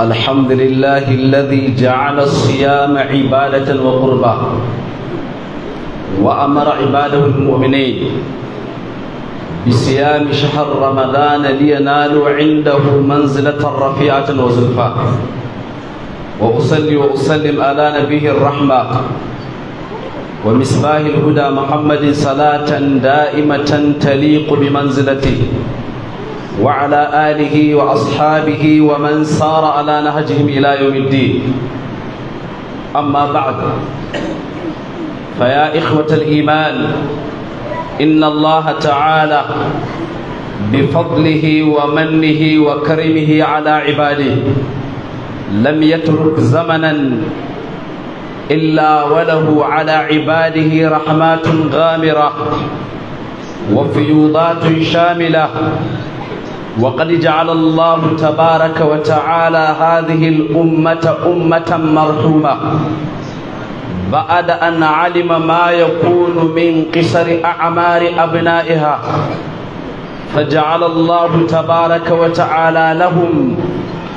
الحمد لله الذي جعل الصيام عبادة وقربة وأمر عباده المؤمنين بصيام شهر رمضان لينالوا عنده منزلة رفيعة وزلفاء وأصلي وأسلم على نبيه الرحمة ومصباح الهدى محمد صلاة دائمة تليق بمنزلته وعلى آله وأصحابه ومن سار على نهجهم إلى يوم الدين أما بعد فيا إخوة الإيمان إن الله تعالى بفضله ومنه وكرمه على عباده لم يترك زمنا إلا وله على عباده رحمات غامرة وفيوضات شاملة وقد جعل الله تبارك وتعالى هذه الأمة أمة مرحومة بعد أن علم ما يكون من قصر أعمار أبنائها فجعل الله تبارك وتعالى لهم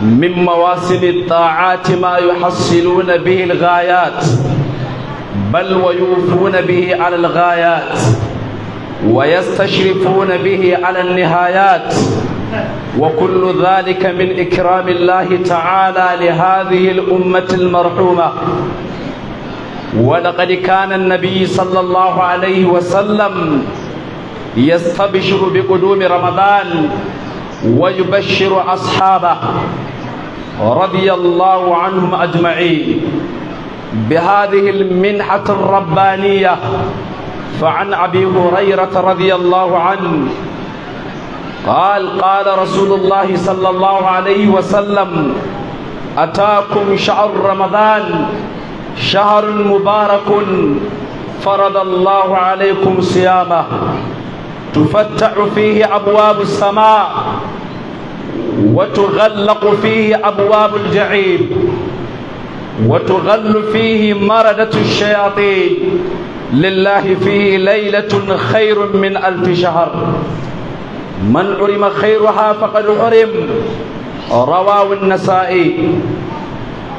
من مواسم الطاعات ما يحصلون به الغايات بل ويوفون به على الغايات ويستشرفون به على النهايات وكل ذلك من إكرام الله تعالى لهذه الأمة المرحومة ولقد كان النبي صلى الله عليه وسلم يستبشر بقدوم رمضان ويبشر أصحابه رضي الله عنهم أجمعين بهذه المنحة الربانية فعن أبي هريرة رضي الله عنه قال قال رسول الله صلى الله عليه وسلم أتاكم شهر رمضان شهر مبارك فرض الله عليكم صيامه تفتح فيه أبواب السماء وتغلق فيه أبواب الجعيب وتغل فيه مردة الشياطين لله فيه ليلة خير من ألف شهر من عرم خيرها فقد عرم رواه النسائي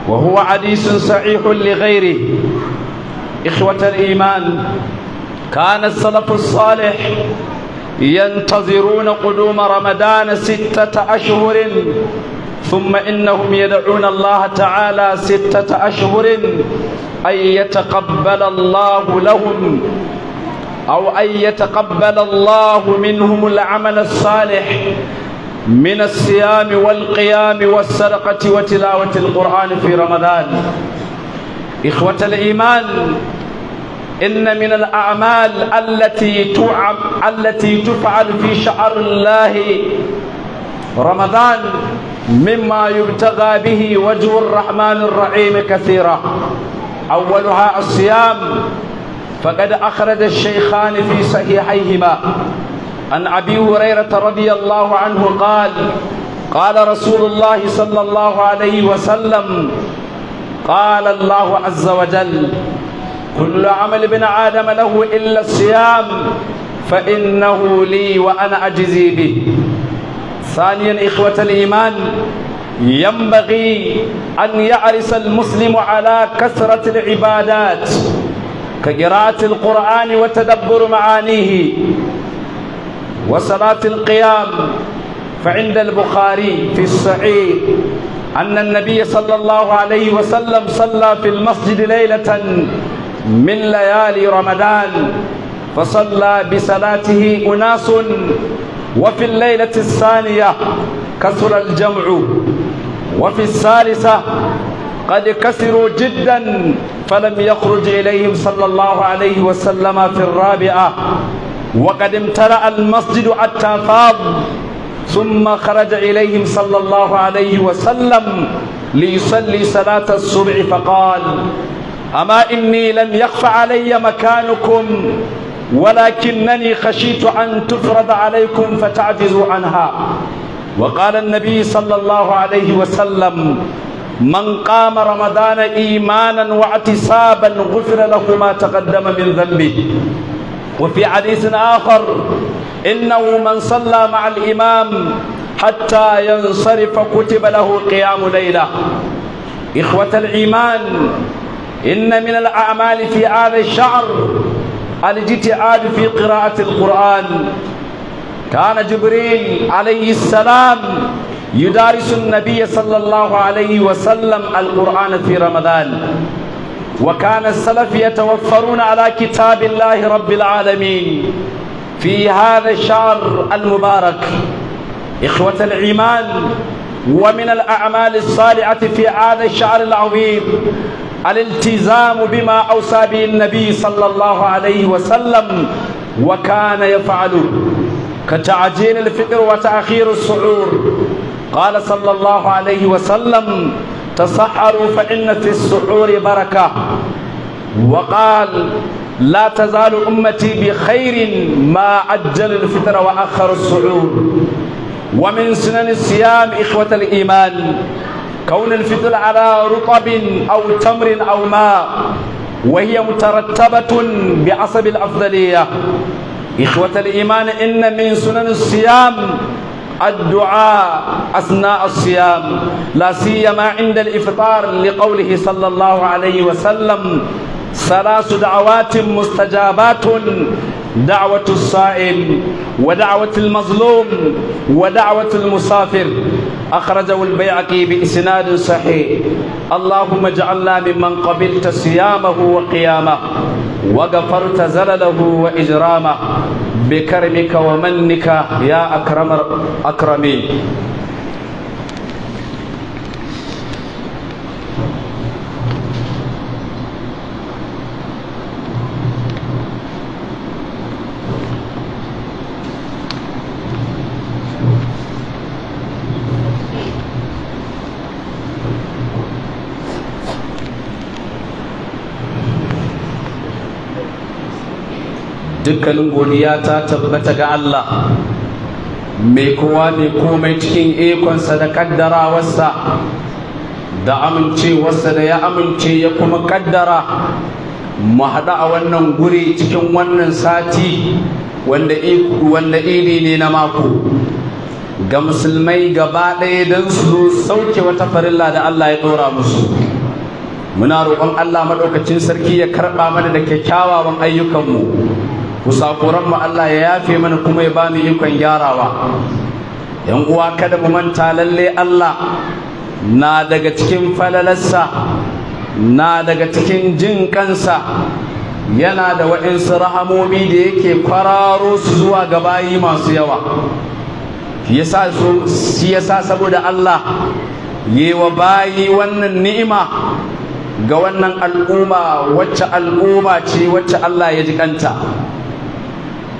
وهو حديث صحيح لغيره إخوة الإيمان كان السلف الصالح ينتظرون قدوم رمضان ستة أشهر ثم إنهم يدعون الله تعالى ستة أشهر أن يتقبل الله لهم أو أن يتقبل الله منهم العمل الصالح من الصيام والقيام والسرقة وتلاوة القرآن في رمضان إخوة الإيمان إن من الأعمال التي تعب التي تفعل في شعر الله رمضان مما يبتغى به وجه الرحمن الرحيم كثيرا أولها الصيام فقد أخرج الشيخان في صحيحيهما عن أبي هريرة رضي الله عنه قال قال رسول الله صلى الله عليه وسلم قال الله عز وجل كل عمل ابن آدم له إلا الصيام فإنه لي وأنا أجزي به ثانيا إخوة الإيمان ينبغي أن يعرس المسلم على كثرة العبادات كقراءة القرآن وتدبر معانيه وصلاة القيام فعند البخاري في الصحيح أن النبي صلى الله عليه وسلم صلى في المسجد ليلة من ليالي رمضان فصلى بصلاته أناس وفي الليلة الثانية كثر الجمع وفي الثالثة قد كسروا جدا فلم يخرج إليهم صلى الله عليه وسلم في الرابعة وقد امتلأ المسجد حتى فاض ثم خرج إليهم صلى الله عليه وسلم ليصلي صلاة الصبح فقال أما إني لم يخف علي مكانكم ولكنني خشيت أن تفرض عليكم فتعجزوا عنها وقال النبي صلى الله عليه وسلم من قام رمضان إيمانا واعتصابا غفر له ما تقدم من ذنبه وفي حديث آخر إنه من صلى مع الإمام حتى ينصرف كتب له قيام ليلة إخوة الإيمان إن من الأعمال في هذا الشعر الاجتهاد في قراءة القرآن كان جبريل عليه السلام يدارس النبي صلى الله عليه وسلم القرآن في رمضان وكان السلف يتوفرون على كتاب الله رب العالمين في هذا الشهر المبارك إخوة الإيمان ومن الأعمال الصالحة في هذا الشهر العظيم الالتزام بما أوصى به النبي صلى الله عليه وسلم وكان يفعله كتعجيل الفطر وتأخير السحور قال صلى الله عليه وسلم تصحروا فإن في السحور بركة وقال لا تزال أمتي بخير ما عجل الفطر وأخر السحور ومن سنن الصيام إخوة الإيمان كون الفطر على رطب أو تمر أو ماء وهي مترتبة بعصب الأفضلية إخوة الإيمان إن من سنن الصيام الدعاء أثناء الصيام لا سيما عند الإفطار لقوله صلى الله عليه وسلم ثلاث دعوات مستجابات دعوة الصائم ودعوة المظلوم ودعوة المسافر أخرجه البيعقي بإسناد صحيح اللهم اجعلنا ممن قبلت صيامه وقيامه وغفرت زلله وإجرامه بكرمك ومنك يا أكرم أكرمين dukkanin godiya ta tabbata ga Allah mai kowa mai komai cikin ikonsa da kaddarawarsa da amincewarsa da ya amince ya kuma kaddara mu haɗu a wannan guri cikin wannan sati wanda iri ne na mako ga musulmai gaba ɗaya don su sauke wata farilla da Allah ya ɗora musu muna roƙon Allah maɗaukacin sarki ya karɓa mana da kyakkyawawan ayyukanmu kusakuran mu Allah ya yafe mana kuma ya bamu ikon gyarawa yan uwa kada mu manta lalle Allah na daga cikin falalarsa na daga cikin jin kansa yana da waɗansu rahamomi da yake kwararo su zuwa ga bayi masu yawa shi sa saboda Allah yi wa bayi wannan ni'ima ga wannan al'umma wacce al'umma ce wacce Allah ya ji kanta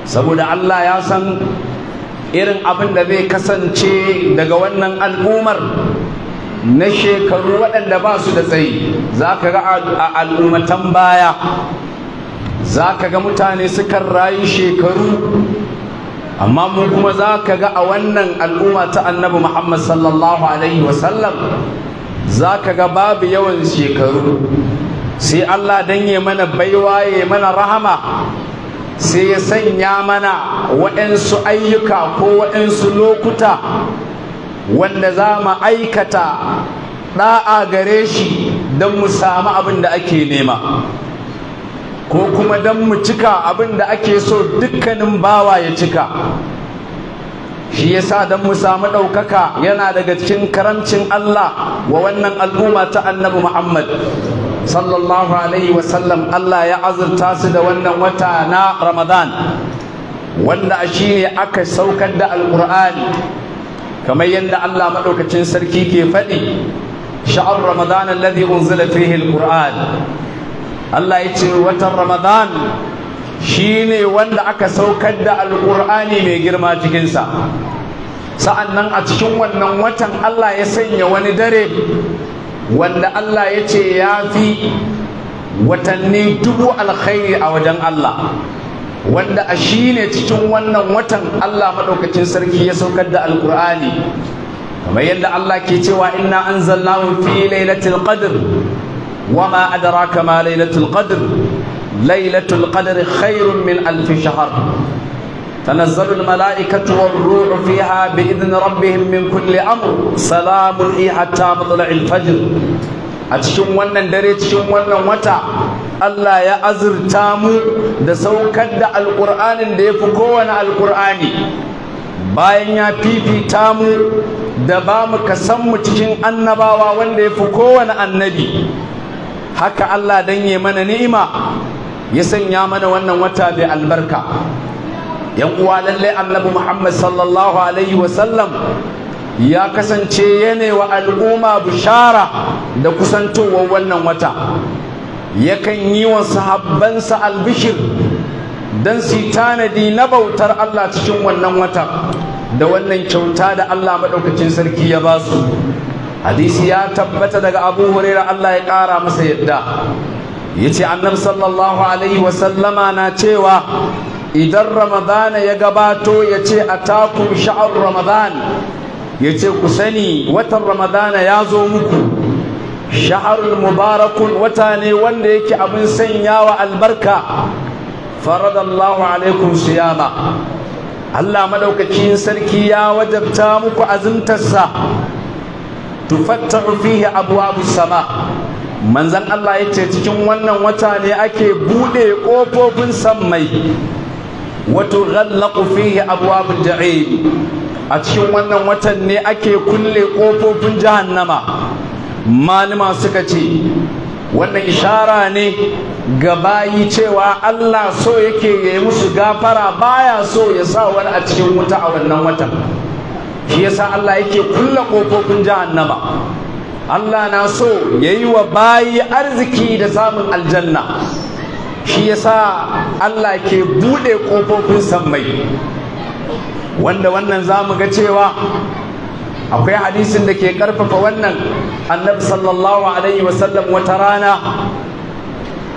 saboda Allah ya san irin abin da zai kasance daga wannan al'umar na shekaru waɗanda ba su da tsayi za ka ga a al'ummatan baya za ka ga mutane sukan rayu shekaru amma mu kuma za ka ga a wannan al'umma ta annabi muhammad sallallahu alaihi wasallam za ka ga babu yawan shekaru sai allah don ya mana baiwa mana rahama sai ya sanya mana waɗansu ayyuka ko waɗansu lokuta wanda za mu aikata ɗa'a gare shi don mu samu abin da ake nema ko kuma don mu cika abin da ake so dukkanin bawa ya cika shi ya sa don mu samu ɗaukaka yana daga cikin karamcin Allah wa wannan al'umma ta annabi Muhammad sallallahu alaihi wasallam Allah ya azurta su da wannan wata na Ramadan wanda shi ne aka saukar da alkur'ani kamar yadda Allah maɗaukacin sarki ke faɗi sha'ar Ramadan alladhi unzila fihi alqur'an Allah ya ce watan Ramadan shine wanda aka saukar da Alƙur'ani mai girma cikinsa sa'annan a cikin wannan watan Allah ya sanya wani dare wanda Allah ya ce ya fi watanni dubu alkhairi a wajen Allah wanda a shi ne cikin wannan watan Allah maɗaukacin sarki ya saukar da alkur'ani kamar yadda Allah ke cewa inna anzalnahu fi lailatul qadr wa ma adraka ma lailatul qadr lailatul qadr khairun min alf shahr تنزل الملائكة والروح فيها بإذن ربهم من كل أمر سلام هي حتى مطلع الفجر أتشم ونن Allah ya ونن mu الله يا أزر تامو دسو كد القرآن kowane القرآن bayan ya fifita mu da ba mu kasan mu cikin annabawa wanda ya fi kowane annabi haka Allah dan ya mana ni'ima ya sanya mana wannan wata bai albarka yan uwa lallai annabi muhammad sallallahu alaihi wasallam ya kasance wa al'umma bishara da kusantowar wannan wata yakan yi wa sahabbansa albishir don su tanadi na bautar Allah cikin wannan wata da wannan kyauta da Allah maɗaukacin sarki ya ba su hadisi ya tabbata daga abu huraira Allah ya ƙara masa yadda ya ce annabi sallallahu alaihi wasallama na cewa idan ramadana ya gabato ya ce a takun sha'ar ramadan ya ce ku sani watan ramadana ya zo muku sha'arul mubarakun wata ne wanda yake abin sanyawa albarka faradallahu alaikum siyama Allah madaukakin sarki ya wajabta muku azumtarsa tufattahu fihi abu sama manzon Allah yace cikin wannan wata ne ake buɗe ƙofofin sammai wato ghallaqu fihi abwabul ja'im a cikin wannan watan ne ake kulle kofofin jahannama malama suka ce wannan ishara ne ga bayi cewa Allah so yake ya yi musu gafara baya so ya sa wani a cikin wuta a wannan watan shi yasa Allah yake kulle kofofin jahannama Allah na so ya yi wa bayi arziki da samun aljanna shi yasa Allah ke buɗe ƙofofin sammai wanda wannan za mu ga cewa akwai hadisin da ke ƙarfafa wannan annabi sallallahu alaihi wasallam wata rana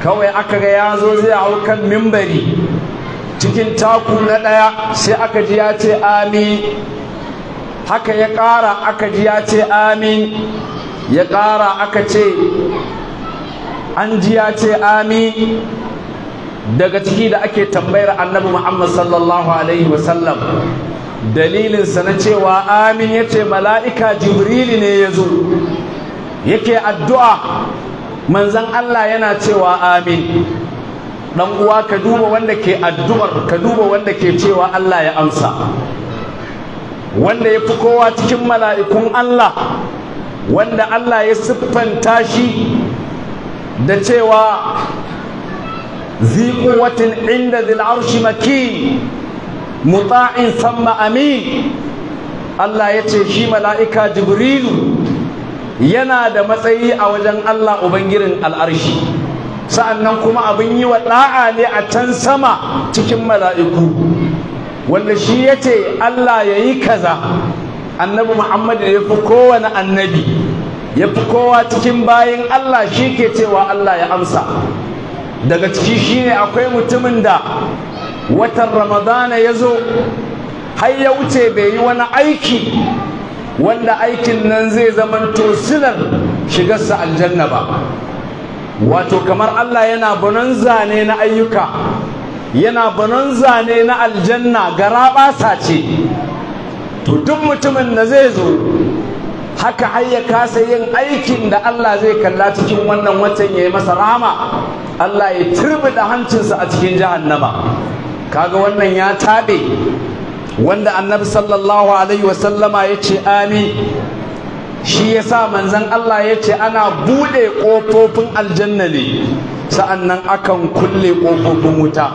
kawai aka ga ya zo zai hau kan mimbari cikin taku na ɗaya sai aka ji ya ce amin haka ya ƙara aka ji ya ce amin ya ƙara aka ce an ji ya ce amin daga ciki da ake tambayar annabi Muhammad sallallahu alaihi wasallam dalilinsa na cewa amin ya ce mala'ika jibrili ne ya zo yake addu'a manzan Allah yana cewa amin ɗan uwa ka duba wanda ke addu'ar ka duba wanda ke cewa Allah ya amsa wanda ya fi kowa cikin mala'ikun Allah wanda Allah ya siffanta shi da cewa ذي قوة عند ذي العرش مكين مطاع ثم أمين الله يتشي ملائكة جبريل yana da matsayi a wajen Allah Ubangirin al'arshi sa'annan kuma abin yi wa ɗa'a ne a can sama cikin mala'iku wanda shi ya ce Allah ya yi kaza annabi Muhammad ya fi kowane annabi ya fi kowa cikin bayan Allah shi ke cewa Allah ya amsa daga ciki shine akwai mutumin da watan ramadana ya zo har ya wuce bai yi wani aiki wanda aikin nan zai zama silar shigarsa aljanna ba wato kamar Allah yana banan zane na ayyuka yana banan zane na aljanna garaɓasa ce to duk mutumin da zai zo haka har ya kasa yin aikin da Allah zai kalla cikin wannan watan ya yi masa rama? Allah ya da hancinsa a cikin jahannama kaga wannan ya tabe wanda annabi sallallahu alaihi wasallama ya ce amin shi ya sa manzan Allah ya ce ana buɗe ƙofofin aljanna ne nan akan kulle ƙofofin wuta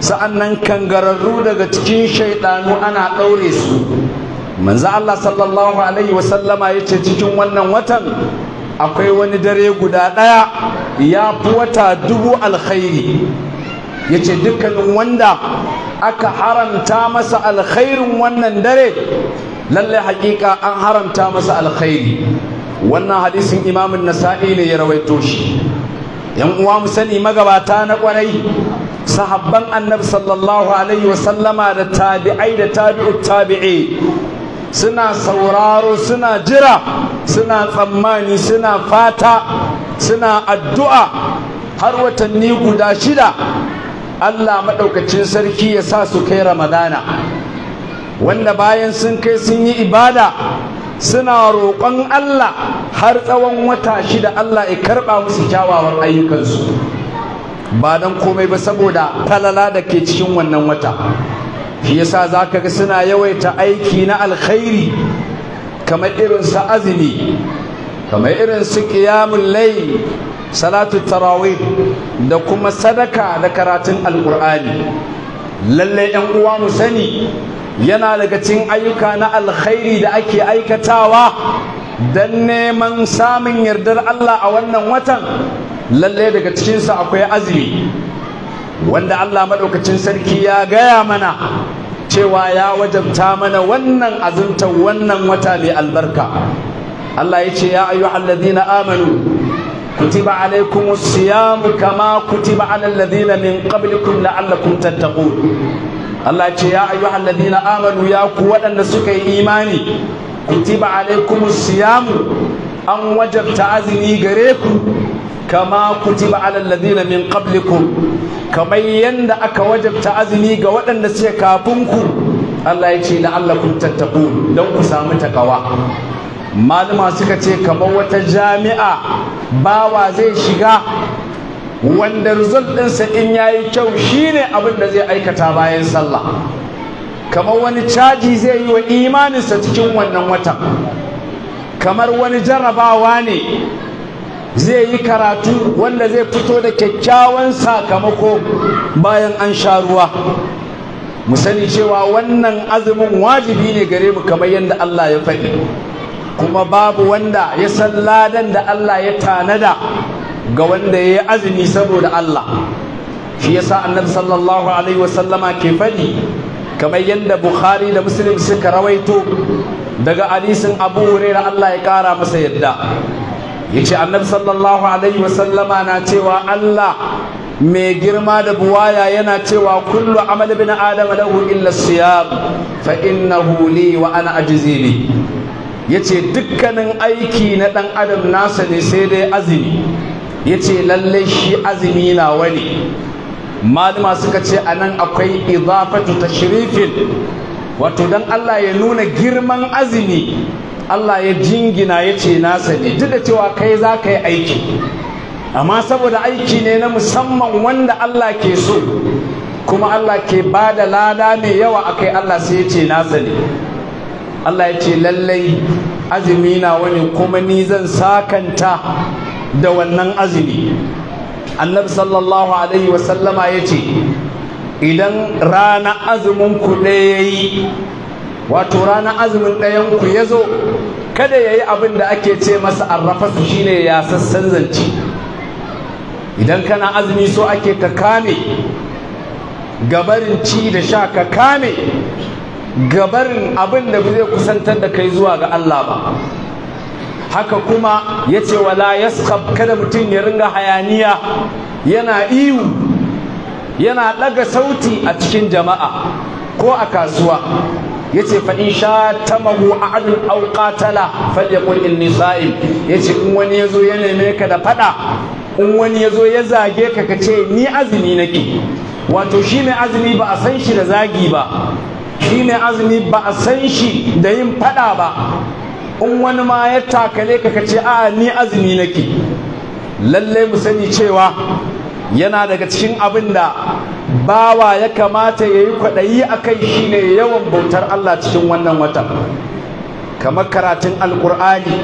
sa'an nan kangararru daga cikin shaidanu ana ɗaure su manzan Allah sallallahu alaihi wasallama ya ce cikin wannan watan akwai wani dare guda ɗaya ya fi wata dubu alkhairi ya ce dukkanin wanda aka haramta masa alkhairin wannan dare lallai hakika an haramta masa alkhairi wannan hadisin imamun nasa'i ne ya rawaito shi yan uwa mu sani magabata na kwarai sahabban annabi sallallahu alaihi wasallama da tabi'ai da tabi'ut tabi'i suna sauraro suna jira suna tsammani suna fata suna addu'a har watanni guda shida Allah maɗaukacin sarki ya sa su kai ramadana wanda bayan sun kai sun yi ibada suna roƙon Allah har tsawon wata shida Allah ya karɓa musu kyawawan ayyukansu ba don komai ba saboda talala da ke cikin wannan wata shi yasa za ga suna yawaita aiki na alkhairi kamar irin su azumi kamar irin su qiyamul layl salatu tarawih da kuma sadaka da karatun alqur'ani lalle yan uwa mu sani yana daga cikin ayyuka na alkhairi da ake aikatawa dan neman samun yardar Allah a wannan watan lalle daga cikinsa akwai azumi wanda Allah maɗaukacin sarki ya gaya mana cewa ya wajabta mana wannan azunta wannan wata mai albarka Allah ya ce ya ayyuhal ladina amanu kutiba alaikum siyamu kama kutiba alal ladina min qablikum la'allakum tattaqun Allah ya ce ya ayyuhal ladina amanu ya ku waɗanda suka yi imani kutiba alaikum siyamu an wajabta azumi gare ku kama kutiba alal min qablikum kamar yanda aka wajabta azumi ga waɗanda suke kafin ku Allah ya ce la'allakum tattaqun don ku samu takawa malama suka ce kamar wata jami'a bawa zai shiga wanda result ɗinsa in yayi kyau shine abin da zai aikata bayan sallah kamar wani caji zai yi wa imaninsa cikin wannan watan kamar wani jarabawa ne zai yi karatu wanda zai fito da kyakkyawan sakamako bayan an sha ruwa mu sani cewa wannan azumin wajibi ne gare mu kamar yadda Allah ya faɗi kuma babu wanda ya san ladan da Allah ya tanada ga wanda ya yi azumi saboda Allah shi yasa annabi sallallahu alaihi wasallama ke faɗi kamar yadda Bukhari da Muslim suka rawaito daga hadisin Abu Hurairah Allah ya ƙara masa yadda yace annabi sallallahu alaihi wasallama na cewa Allah mai girma da buwaya yana cewa kullu amal bin adam lahu illa siyam fa innahu li wa ana ajzi bi yace dukkanin aiki na dan adam nasa ne sai dai azumi yace lalle shi azumi na wani malama suka ce anan akwai idafatu tashrifin wato dan Allah ya nuna girman azumi Allah ya jingina ya ce nasa ne duk da cewa kai za ka yi aiki amma saboda aiki ne na musamman wanda Allah ke so kuma Allah ke ba da lada mai yawa akai Allah sai ya ce nasa ne Allah ya ce lallai azumi na wani kuma ni zan sakanta da wannan azumi annabi sallallahu alaihi wasallama ya ce idan rana azumin ku ɗaya yi wato rana azumin ɗayan ku ya zo kada ya yi abin da ake ce masa su shine ya sassan zance idan kana azumi so ake ka kame gabarin ci da sha ka kame gabarin abin da zai kusantar da kai zuwa ga Allah ba haka kuma ya ce wala yaskab kada mutum ya ringa hayaniya yana iyu yana ɗaga sauti a cikin jama'a ko a kasuwa yace fa in sha tamahu ahadun aw qatala falyaqul inni sa'im yace in wani yazo ya neme ka da fada in wani yazo ya zage ka ka ce ni azumi nake wato shi mai azumi ba a san shi da zagi ba shi mai azumi ba a san shi da yin fada ba in wani ma ya takale ka ka ce a ni azumi nake lallai mu sani cewa yana daga cikin abin da bawa ya kamata ya yi kwaɗayi a kai shi ne yawan bautar Allah cikin wannan watan kamar karatun alƙur'ani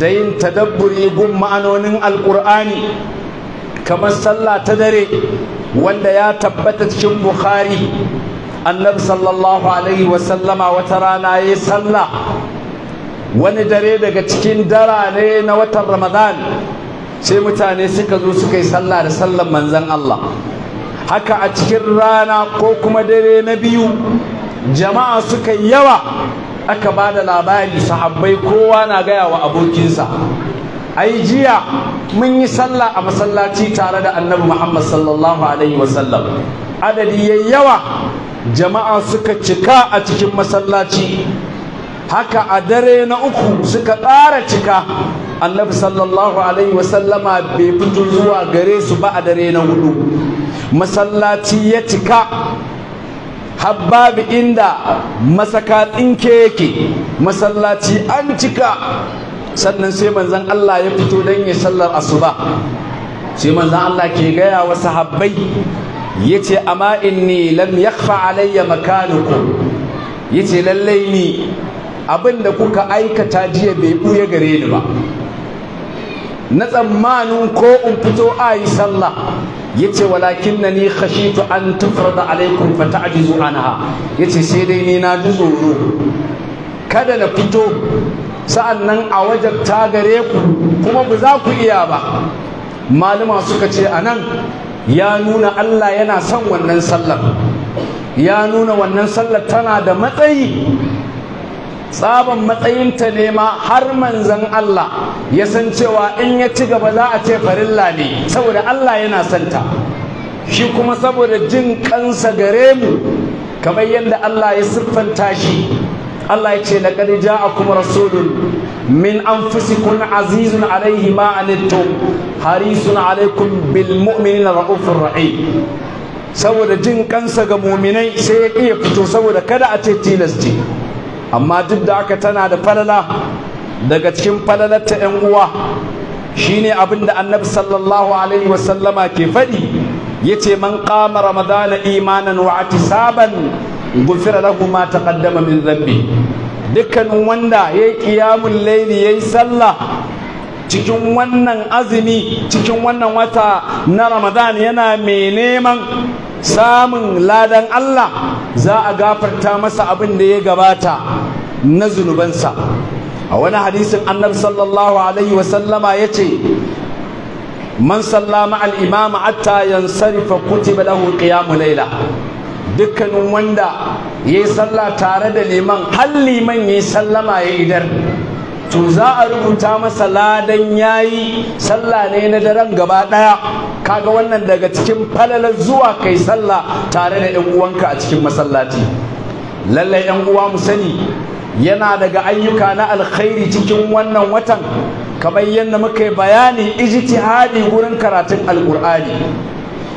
da yin tadabburi gun ma'anonin alƙur'ani kamar sallah ta dare wanda ya tabbata cikin bukhari annabi sallallahu alaihi wasallama wata rana ya yi sallah wani dare daga cikin dara ne na watan ramadan sai mutane suka zo suka yi sallah da sallan manzan Allah haka a cikin rana ko kuma dare na biyu jama'a suka yawa aka ba da labari sahabbai kowa na gaya wa abokinsa ai jiya mun yi sallah a masallaci tare da annabi muhammad sallallahu alaihi wasallam adadi ya yawa jama'a suka cika a cikin masallaci haka a dare na uku suka ƙara cika annabi sallallahu alaihi wasallama bai fito zuwa gare su ba a dare na hudu masallaci ya cika habbabi inda masaka tsinke yake masallaci an cika sannan sai manzan Allah ya fito don ya sallar asuba sai manzan Allah ke gaya wasu sahabbai ya ce amma inni lam yakfa alayya makanuku ya ce lallai ni da kuka aikata jiya bai buya gare ni ba na tsammanin ko in fito a yi sallah yace walakin na ni khashitu an da alaikum fa ta'jizu anha yace sai dai ni na ji tsoro kada na fito sa'an nan a wajen gare ku kuma ba za ku iya ba malama suka ce a nan ya nuna Allah yana son wannan sallar ya nuna wannan sallar tana da matsayi tsaban matsayinta ne ma har manzan Allah ya san cewa in ya ci gaba za a ce farilla ne saboda Allah yana santa shi kuma saboda jin kansa gare mu kamar yadda Allah ya siffanta shi Allah ya ce a kuma rasulun min an kun azizun alaihi ma anittum harisun alaikum bil mu'minina ra'ufin ra'i saboda jin kansa ga muminai sai ya iya fito saboda kada a ce tilas amma duk da aka tana da falala daga cikin falalarta 'yan uwa shine abin da annabi sallallahu alaihi wasallama ke faɗi yace man kama ramadana imanan wa saban gufira lahu ma taqaddama min dhanbi dukkanin wanda yayi ƙiyamun layli yayi sallah cikin wannan azumi cikin wannan wata na ramadan yana mai neman samun ladan Allah za a gafarta masa abin da ya gabata na zunubansa a wani hadisin annabi sallallahu alaihi wasallama ya ce man sallama al'imama hatta sarifa kutiba lahu qiyamu laila dukkanin wanda ya yi sallah tare da liman har liman ya yi sallama ya idar to za a rubuta masa ladan yayi sallah ne na daren gaba daya kaga wannan daga cikin falalar zuwa kai sallah tare da yan uwanka a cikin masallaci lallai yan uwa mu sani yana daga ayyuka na alkhairi cikin wannan watan Ka bayyana muka yi bayani ijtihadi gurin karatun alqur'ani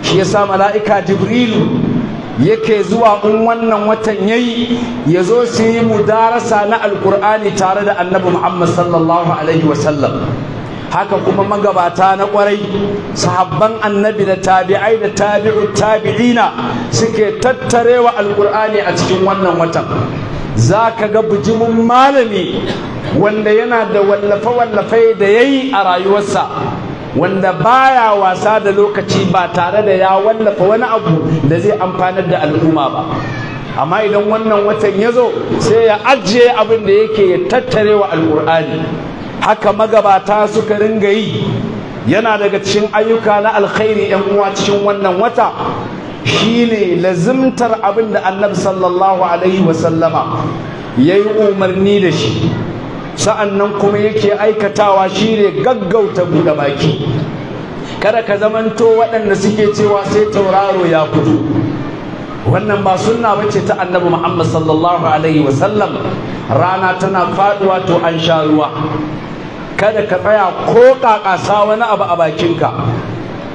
shi yasa mala'ika jibrilu yake zuwa in wannan watan yayi ya zo su yi mudarasa na alkur'ani tare da annabi muhammad sallallahu alaihi wasallam haka kuma magabata na kwarai sahabban annabi da tabi'ai da tabi'u tabi'ina suke tattarewa alkur'ani a cikin wannan watan za ka ga bijimin malami wanda yana da wallafe-wallafe da ya yi a rayuwarsa wanda baya wasa da lokaci ba tare da ya wallafa wani abu da zai amfanar da al'umma ba amma idan wannan watan ya zo sai ya ajiye abin da yake ya tattare wa alƙur'ani haka magabata suka ringa yi yana daga cikin ayyuka na alkhairi yan uwa cikin wannan wata shine lazimtar abin da annabi sallallahu alaihi wasallama ya yi umarni da shi sa'an nan kuma yake aikatawa shi ne gaggauta buɗe baki kada ka zamanto waɗanda suke cewa sai tauraro ya fito wannan ba sunna bace ta annabi Muhammad sallallahu alaihi wasallam rana tana faduwa to an sha ruwa kada ka tsaya ko kakasa wani abu a bakinka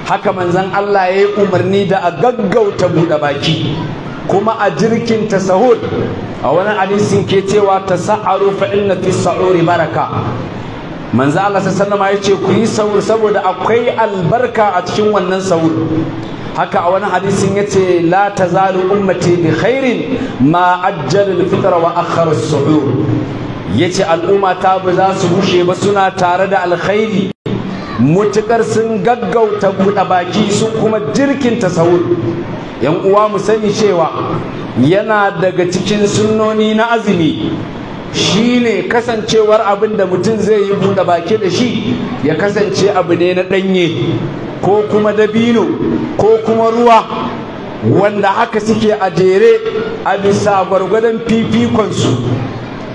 haka manzon Allah ya yi umarni da a gaggauta buɗe baki kuma a jirkin tasahud a wani hadisin ke cewa tasa'aru fa inna fi sa'uri baraka manzo Allah sallama ya ce ku yi sahur saboda akwai albarka a cikin wannan sahur haka a wani hadisin ya ce la tazalu ummati bi khairin ma ajjal al-fitr wa akhar as-suhur yace al'umma ta ba za su bushe ba suna tare da alkhairi mutukar sun gaggauta buɗe baki su kuma jirkin tasawur yan uwa mu sani cewa yana daga cikin sunnoni na azumi shine kasancewar abin da mutum zai yi buɗe baki da shi ya kasance abu ne na ɗanye ko kuma dabino ko kuma ruwa wanda haka suke a jere a bisa gwargwadon fifikonsu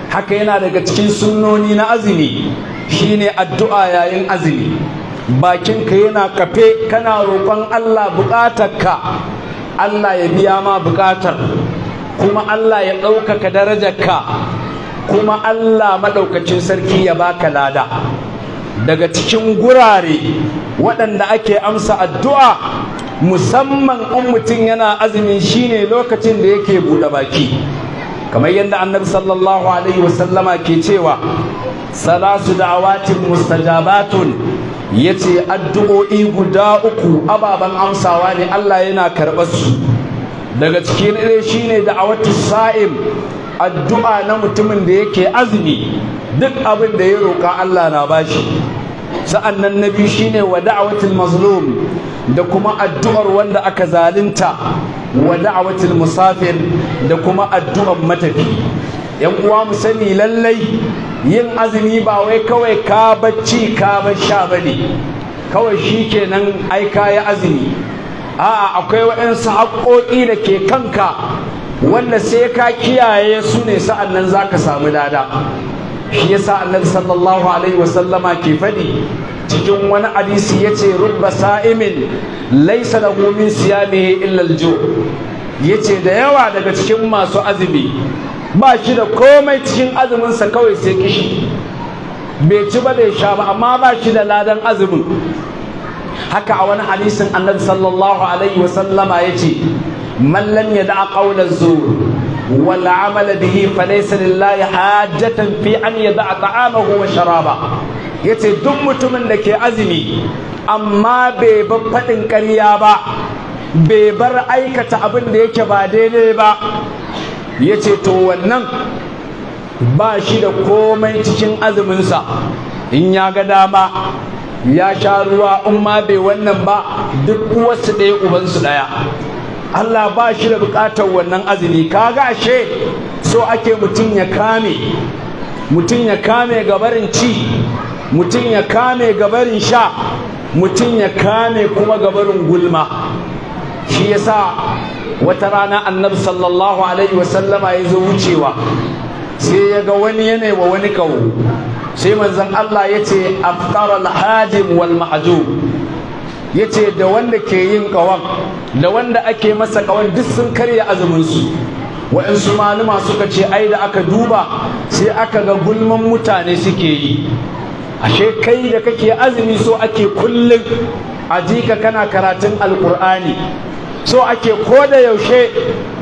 haka yana daga cikin sunnoni na azumi shine addu'a yayin azumi bakinka yana kafe kana roƙon Allah ka. Allah ya biya ma bukatar kuma Allah ya ɗaukaka darajarka kuma Allah maɗaukacin sarki ya baka lada daga cikin gurare waɗanda ake amsa addu'a musamman in mutum yana azumin shine lokacin da yake buɗe baki kamar yadda annabi sallallahu alaihi wasallama ke cewa salasu da'awatin mustajabatun ce addu'o'i guda uku ababen amsawa ne Allah yana karɓar su daga cikin ɗaya shine da'awatu sa'im addu'a na mutumin da yake azumi duk abin da ya roƙa Allah na bashi sa'an nan na biyu shine wa da'awatul mazlum da kuma addu'ar wanda aka zalunta wa da'awatul musafir da kuma addu'ar matafi yan uwa mu sani lallai yin azumi ba wai kawai ka bacci ka bar sha bane kawai shikenan ai yi azumi a'a akwai waɗansu haƙoƙi da ke kanka wanda sai ka kiyaye su ne sa'an nan za ka samu dada. shi yasa annabi sallallahu alaihi wasallama ke faɗi cikin wani hadisi ce rubba sa'imin laysa lahu siya siyamihi illal jo Ya ce da yawa daga cikin masu azumi ba shi da komai cikin azuminsa kawai sai kishi bai ci ba bai sha ba amma ba shi da ladan azumin haka a wani hadisin annabi sallallahu alaihi wa sallama yace mallan ya a ƙaunar zuwa Wala amala bihi fa laysa lillahi hajatan fi an yada'a ta'amahu wa sharaba yace duk mutumin da ke azumi amma bai bar faɗin ƙarya ba bai bar aikata abin da yake ba daidai ba yace to wannan ba shi da komai cikin azuminsa in ya ga dama ya sha ruwa in ma bai wannan ba duk wasu ɗaya ubansu ɗaya Allah ba shi da bukatar wannan azumi kaga ashe so ake mutum ya kame mutum ya kame gabarin ci mutum ya kame gabarin sha mutum ya kame kuma gabarin gulma shi yasa wata rana annabi sallallahu alaihi wasallama ya zo wucewa sai ya ga wani yana wa wani kawo sai manzon Allah ya ce afkar alhajim wal mahjub ya ce da wanda ke yin kawan da wanda ake masa kawan duk sun karya azuminsu waɗansu maluma suka ce ai da aka duba sai aka ga gulman mutane suke yi ashe kai da kake azumi so ake kullum a jika kana karatun alkur'ani so ake koda yaushe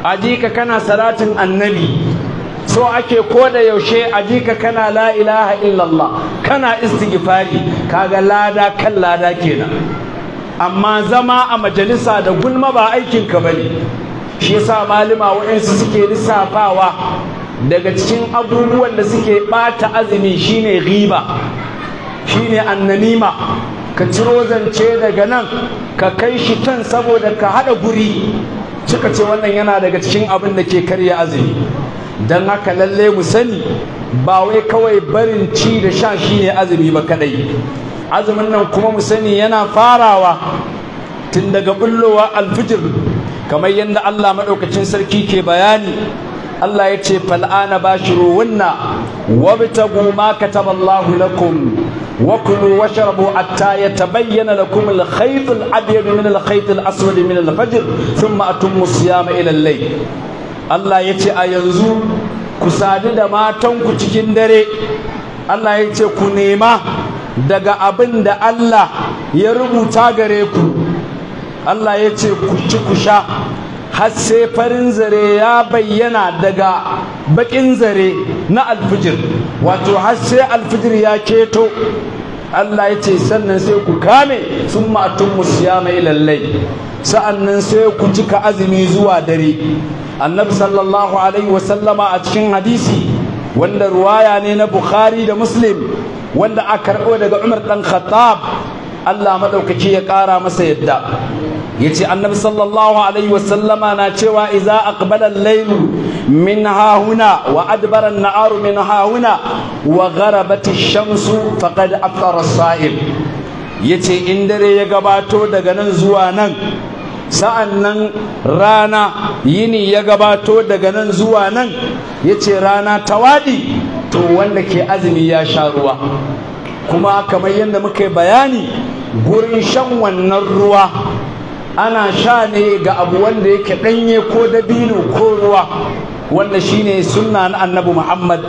a jika kana salatin annabi so ake koda yaushe a jika kana la ilaha illallah kana istighfari kaga lada kan lada kenan amma zama a majalisa da gulma ba aikinka ba ne shi yasa malima waɗansu suke lissafawa daga cikin abubuwan da suke ɓata azumi shine riba shine annanima ka ciro zance daga nan ka kai shi can saboda ka haɗa guri suka ce wannan yana daga cikin abin da ke karya azumi don haka lalle mu sani ba wai kawai barin ci da sha shine azumi ba kadai azumin nan kuma mu sani yana farawa tun daga bullowa alfijir kamar yadda Allah maɗaukacin sarki ke bayani Allah ya ce fal'ana bashiruwunna wabtagu ma kataballahu lakum وكلوا واشربوا حتى يتبين لكم الخيط الابيض من الخيط الاسود من الفجر ثم اتموا الصيام الى Allah ya ce a yanzu ku sadu da matanku cikin dare Allah ya ce ku nema daga abin da Allah ya rubuta gare ku Allah ya ce ku ci ku sha har sai farin zare ya bayyana daga bakin zare na alfijir wato har sai alfijir ya keto Allah ya ce sannan sai ku kame sun siya mai lallai, sa'annan sai ku cika azumi zuwa dare annabi sallallahu alaihi wasallama a cikin hadisi wanda ruwaya ne na bukhari da muslim wanda aka karɓo daga Umar ɗan Khattab Allah madaukaki ya ƙara masa yadda yace annabi sallallahu alaihi wasallama na cewa iza aqbala al-laylu min hahuna wa adbaran naaru min hahuna wa garabati shamsu faqad aftara as Ya yace in dare ya gabato daga nan zuwa nan sa'an nan rana yini ya gabato daga nan zuwa nan ya ce rana ta waɗi to wanda ke azumi ya sha ruwa kuma kamar yadda muka yi bayani gurin shan wannan ruwa ana sha ne ga abu wanda yake ɗanye ko dabino ko ruwa wanda shi ne suna na annabi muhammad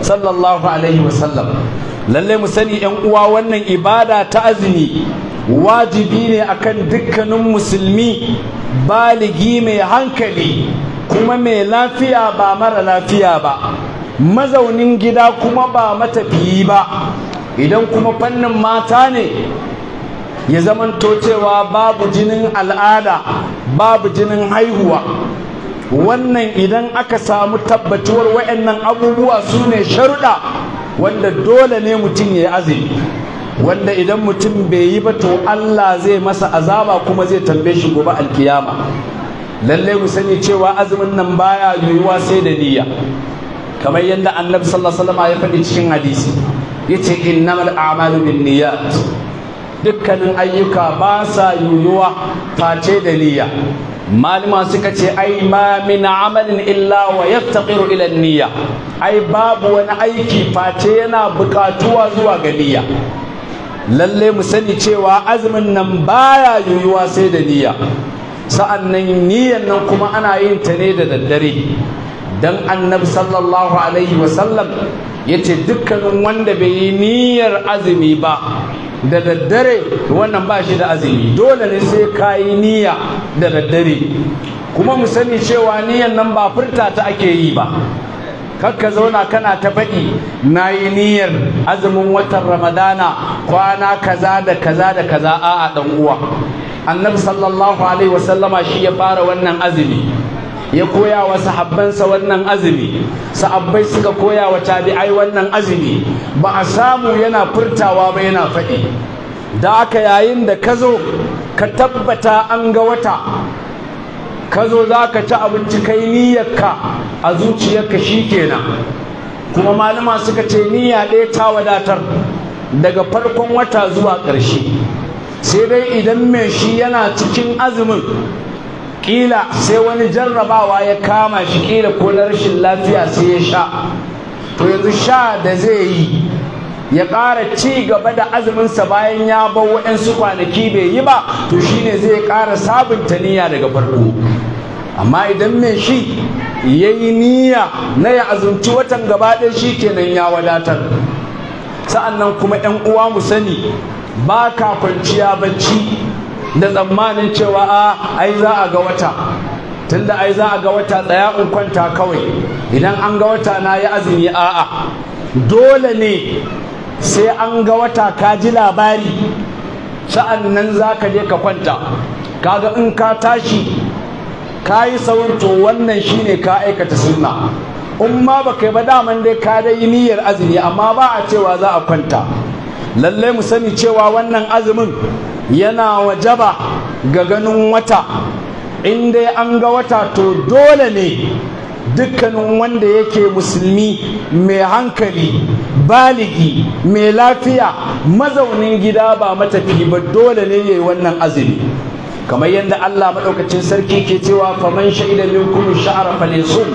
sallallahu alaihi wasallam lallai mu sani yan uwa wannan ibada ta azumi wajibi ne akan dukkanin musulmi baligi mai hankali kuma mai lafiya ba mara lafiya ba mazaunin gida kuma ba matafiyi ba idan kuma fannin mata ne ya zamanto cewa babu jinin al'ada babu jinin haihuwa wannan idan aka samu tabbatuwar waɗannan abubuwa su ne sharuɗa wanda dole ne mutum ya yi azumi wanda idan mutum bai yi ba to Allah zai masa azaba kuma zai tambaye shi gobe alkiyama lalle mu sani cewa azumin nan baya yiwuwa sai da niyya kamar yadda annabi sallallahu alaihi wasallam ya faɗi cikin hadisi yace innamal a'malu niyyat dukkanin ayyuka ba sa yiwuwa face da niyya malama suka ce ai ma min amalin illa wa yaftaqiru ila niyya ai babu wani aiki face yana buƙatuwa zuwa ga niyya Lallai mu sani cewa azumin nan baya yiwuwa sai da niyya sa'an nan niyyan nan kuma ana yin ta ne da daddare dan annabi sallallahu alaihi wasallam ya ce dukkanin wanda bai yi niyyar azumi ba da daddare wannan ba shi da azumi dole ne sai ka yi niyya da daddare kuma mu sani cewa niyyan nan ba furta ta ake yi ba kakka zauna kana ta faɗi na yi niyyar azumin watan ramadana kwana kaza da kaza da kaza a ɗan uwa annabi sallallahu alaihi wasallama shi ya fara wannan azumi ya koya wa sahabbansa wannan azumi sahabbai suka koya wa tabi'ai wannan azumi ba a samu yana furtawa ba yana faɗi da aka yayin da ka zo ka tabbata an ga wata ka zo za ka ci abinci kai niyyarka a zuciyarka shi kenan kuma malama suka ce niyya ɗaya ta wadatar daga farkon wata zuwa ƙarshe sai dai idan mai shi yana cikin azumin ƙila sai wani jarrabawa ya kama shi ƙila ko na rashin lafiya sai ya sha to yanzu sha da zai yi ya ƙara ci gaba da azuminsa bayan ya bar waɗansu kwanaki bai yi ba to shine zai ƙara sabunta niyya daga farko amma idan mai shi ya yi niyya na ya azumci watan gaba ɗaya shi kenan ya wadatar sa'an nan kuma 'yan uwa mu sani ba ka kwanciya bacci da tsammanin cewa a ai za a ga wata tunda ai za a ga wata tsaya in kwanta kawai idan an ga wata na yi azumi a'a dole ne sai an ga wata ka ji labari sa'an nan za ka je ka kwanta kaga in ka tashi ka yi to wannan shine ka aikata sunna in ma ba kai ba daman dai ka yi niyyar azumi amma ba a cewa za a kwanta lallai mu sani cewa wannan azumin yana wajaba ga ganin wata in dai an ga wata to dole ne dukkanin wanda yake musulmi mai hankali baligi mai lafiya mazaunin gida ba matafi ba dole ne yayi wannan azumi kamar yadda Allah maɗaukacin sarki ke cewa faman sha'ida minkum sha'ara falisum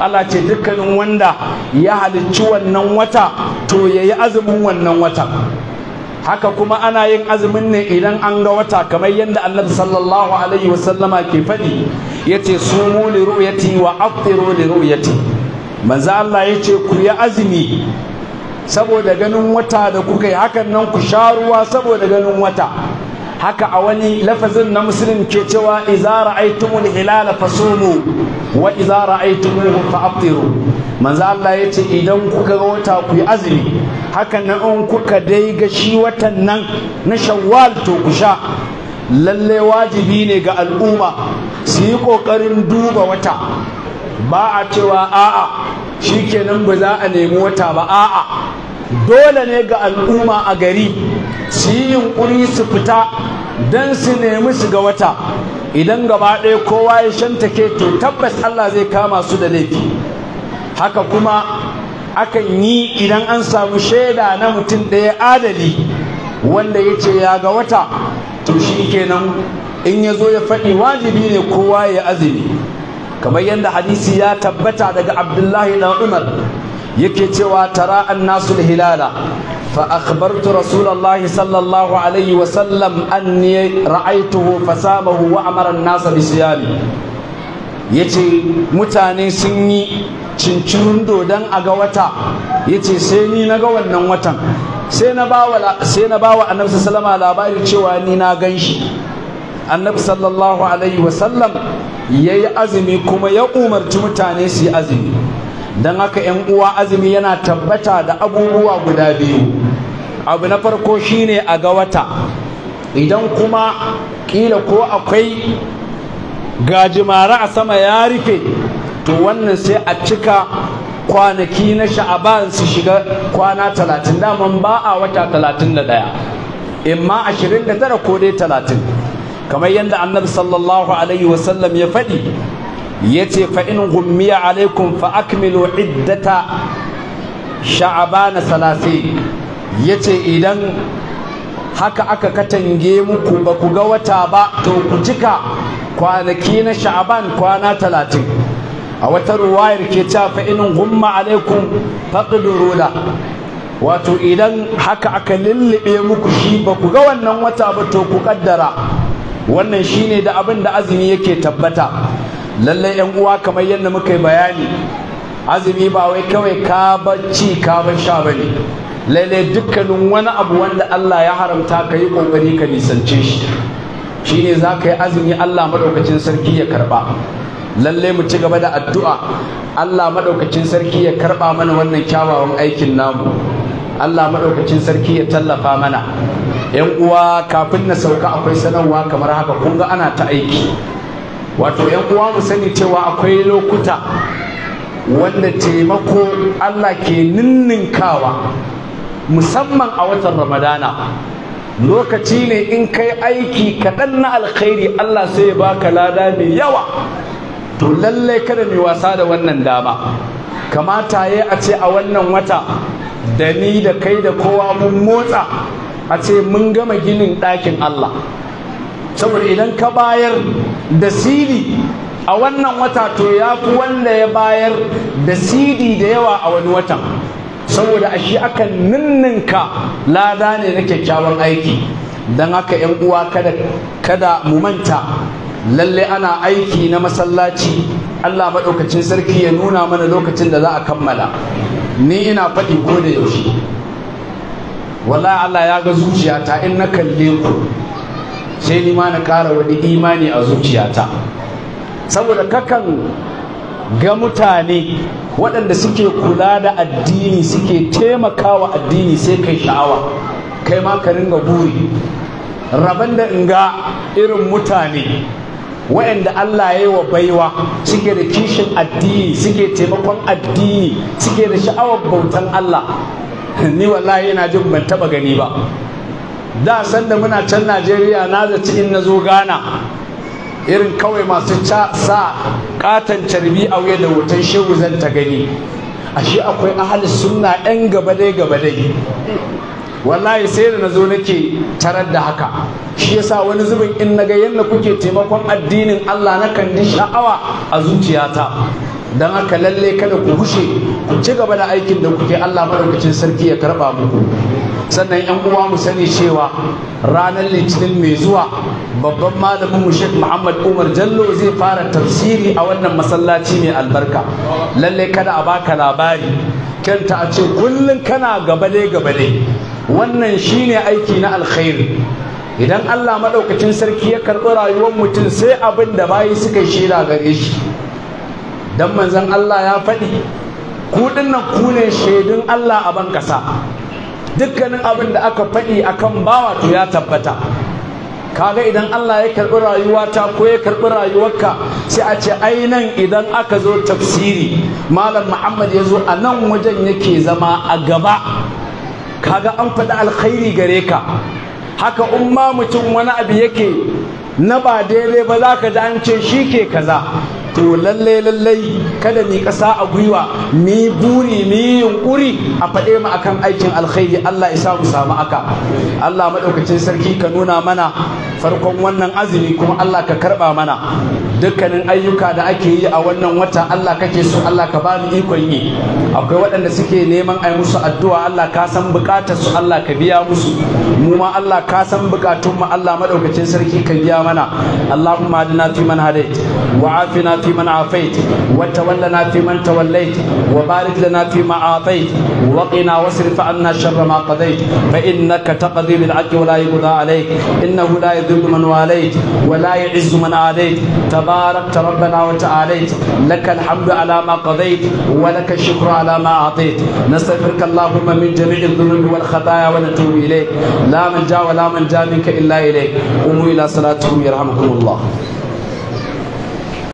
Allah ce dukkanin wanda ya halicci wannan wata to yayi azumin wannan wata haka kuma ana yin azumin ne idan an ga wata kamar yadda annabi sallallahu alaihi wasallama ke faɗi yace sumu li ru'yati wa aftiru li ru'yati manzo Allah yace ku yi azumi saboda ganin wata da kuka yi hakan nan ku sha ruwa saboda ganin wata haka a wani lafazin na muslim ke cewa idza ra'aytumul hilala fasumu wa idza ra'aytumuhu fa aftiru manzo Allah yace idan kuka ga wata ku yi azumi haka na in kuka dai ga shi watan nan na shawwal to ku sha lalle wajibi ne ga al'umma su yi ƙoƙarin duba wata ba a cewa a'a shi shikenan ba za a nemi wata ba a'a dole ne ga al'umma a gari su yi yunƙuri su fita don su nemi su ga wata idan gaba ɗaya kowa ya ke to tabbas Allah zai kama su da laifi haka kuma akan yi idan an samu shaida na mutum ɗaya adali wanda ya ce ya ga wata to shi kenan in ya zo ya faɗi wajibi ne kowa ya azumi kamar yadda hadisi ya tabbata daga abdullahi dan umar yake cewa tara annasu hilala fa akhbartu rasulullahi sallallahu alaihi wa sallam anni ra'aytuhu fasabahu wa amara an-nasa bisiyami ya ce mutane sun yi cincirin dodon a ga wata ya ce sai ni na ga wannan watan sai na bawa annabi salama labari cewa ni na gan shi annabi sallallahu alaihi wasallam ya yi azumi kuma ya umarci mutane su yi azumi don haka 'yan uwa azumi yana tabbata da abubuwa guda biyu abu na farko shine a ga wata idan kuma kila ko akwai ga a sama ya rufe to wannan sai a cika kwanaki na sha'aban su shiga kwana talatin daman ba a wata talatin da ɗaya imma ashirin da tara ko dai talatin kamar yadda annabi sallallahu alaihi wasallam ya faɗi ya ce fa'in gummiya alaikum fa iddata sha'abana salasi ya ce idan haka aka katange muku ba ku ga wata ba to ku cika kwanaki na sha'aban kwana talatin a wata ruwayar ke cewa inin gumma alaikum faqduru wato idan haka aka lullube muku shi ba ku ga wannan wata ba to ku kaddara wannan shi ne da abin da azumi yake tabbata lallai yan uwa kamar yadda muka yi bayani azumi ba wai kawai ka bacci ka ban sha ba ne. lallai dukkanin wani abu wanda Allah ya haramta ka yi ƙoƙari ka nisance shi shine za ka yi azumi Allah maɗaukacin sarki ya karɓa lalle mu ci gaba da addu'a Allah maɗaukacin sarki ya karɓa mana wannan kyawawan aikin namu Allah maɗaukacin sarki ya tallafa mana yan uwa kafin na sauka akwai sanarwa kamar haka kun ana ta aiki wato yan uwa mu sani cewa akwai lokuta wanda taimako Allah ke ninninkawa musamman a watan ramadana lokaci ne in kai aiki kaɗan na alkhairi Allah sai ya baka lada mai yawa to lallai kada mai wasa da wannan dama kamata ya a ce a wannan wata da ni da kai da kowa mun motsa a ce mun gama ginin ɗakin Allah saboda idan ka bayar da sili a wannan wata to ya fi wanda ya bayar da sidi da yawa a wani watan saboda a shi aka ninninka lada ne na kyakkyawan aiki don haka yan uwa kada kada mu manta lalle ana aiki na masallaci Allah maɗaukacin sarki ya nuna mana lokacin da za a kammala ni ina faɗi ko da yaushe wallahi Allah ya ga zuciyata in na kalle ku sai ni ma na ƙara wani imani a zuciyata saboda kakan ga mutane waɗanda suke kula da addini suke taimakawa addini sai kai sha'awa kai ma ka buri rabon da in irin mutane waɗanda Allah ya yi wa baiwa suke da kishin addini suke taimakon addini suke da sha'awar bautan Allah ni wallahi yana jin ban taɓa gani ba da sanda muna can najeriya na zaci in na zo ghana irin kawai masu sa katon carbi a wuya da hoton shehu zan ta gani a shi akwai ahal sunna yan gaba dai gaba dai wallahi sai da na zo nake tarar da haka shi yasa wani zubin in na ga yadda kuke taimakon addinin Allah na kan sha'awa a zuciyata don haka lalle kada ku hushe ku ci gaba da aikin da kuke Allah maɗaukacin sarki ya karba muku sannan yan uwa mu sani cewa ranar litinin mai zuwa babban malamin mu Sheikh Muhammad Umar Jallo zai fara tafsiri a wannan masallaci mai albarka lalle kada a baka labari kanta a ce kullum kana gabale gabale wannan shine aiki na alkhairi idan Allah maɗaukacin sarki ya karɓi rayuwar mutum sai abin da bayi suka shira gare shi dan manzon Allah ya faɗi ku dinnan ku ne shaidun Allah a ban ƙasa. dukkanin abin da aka faɗi akan bawa to ya tabbata kaga idan Allah ya karɓi rayuwata ko ya karɓi rayuwarka sai a ce ai nan idan aka zo tafsiri malam Muhammad ya zo a nan wajen yake zama a gaba kaga an faɗi alkhairi gare ka haka in mutum wani abu yake na ba daidai ba za ka ji an ce shi ke kaza to lallai lalle kada ni kasa a gwiwa mi buri mi yunkuri a faɗe mu akan aikin alkhairi Allah ya sa mu samu aka Allah madaukakin sarki ka nuna mana farkon wannan azumi kuma Allah ka karba mana dukkanin ayyuka da ake yi a wannan wata Allah kake so Allah ka ba mu ikon yi akwai waɗanda suke neman ai musu addu'a Allah ka san bukatar su Allah ka biya musu mu ma Allah ka san bukatun mu Allah madaukakin sarki ka biya mana Allahumma adina fi man hadait wa afina عنا فيمن عافيت وتولنا فيمن توليت وبارك لنا فيما أعطيت وقنا واصرف عنا شر ما قضيت فإنك تقضي بالعدل ولا يقضى عليك إنه لا يذل من واليت ولا يعز من عاديت تباركت ربنا وتعاليت لك الحمد على ما قضيت ولك الشكر على ما أعطيت نستغفرك اللهم من جميع الذنوب والخطايا ونتوب إليك لا من جاء ولا من جاء منك إلا إليك قوموا إلى صلاتكم يرحمكم الله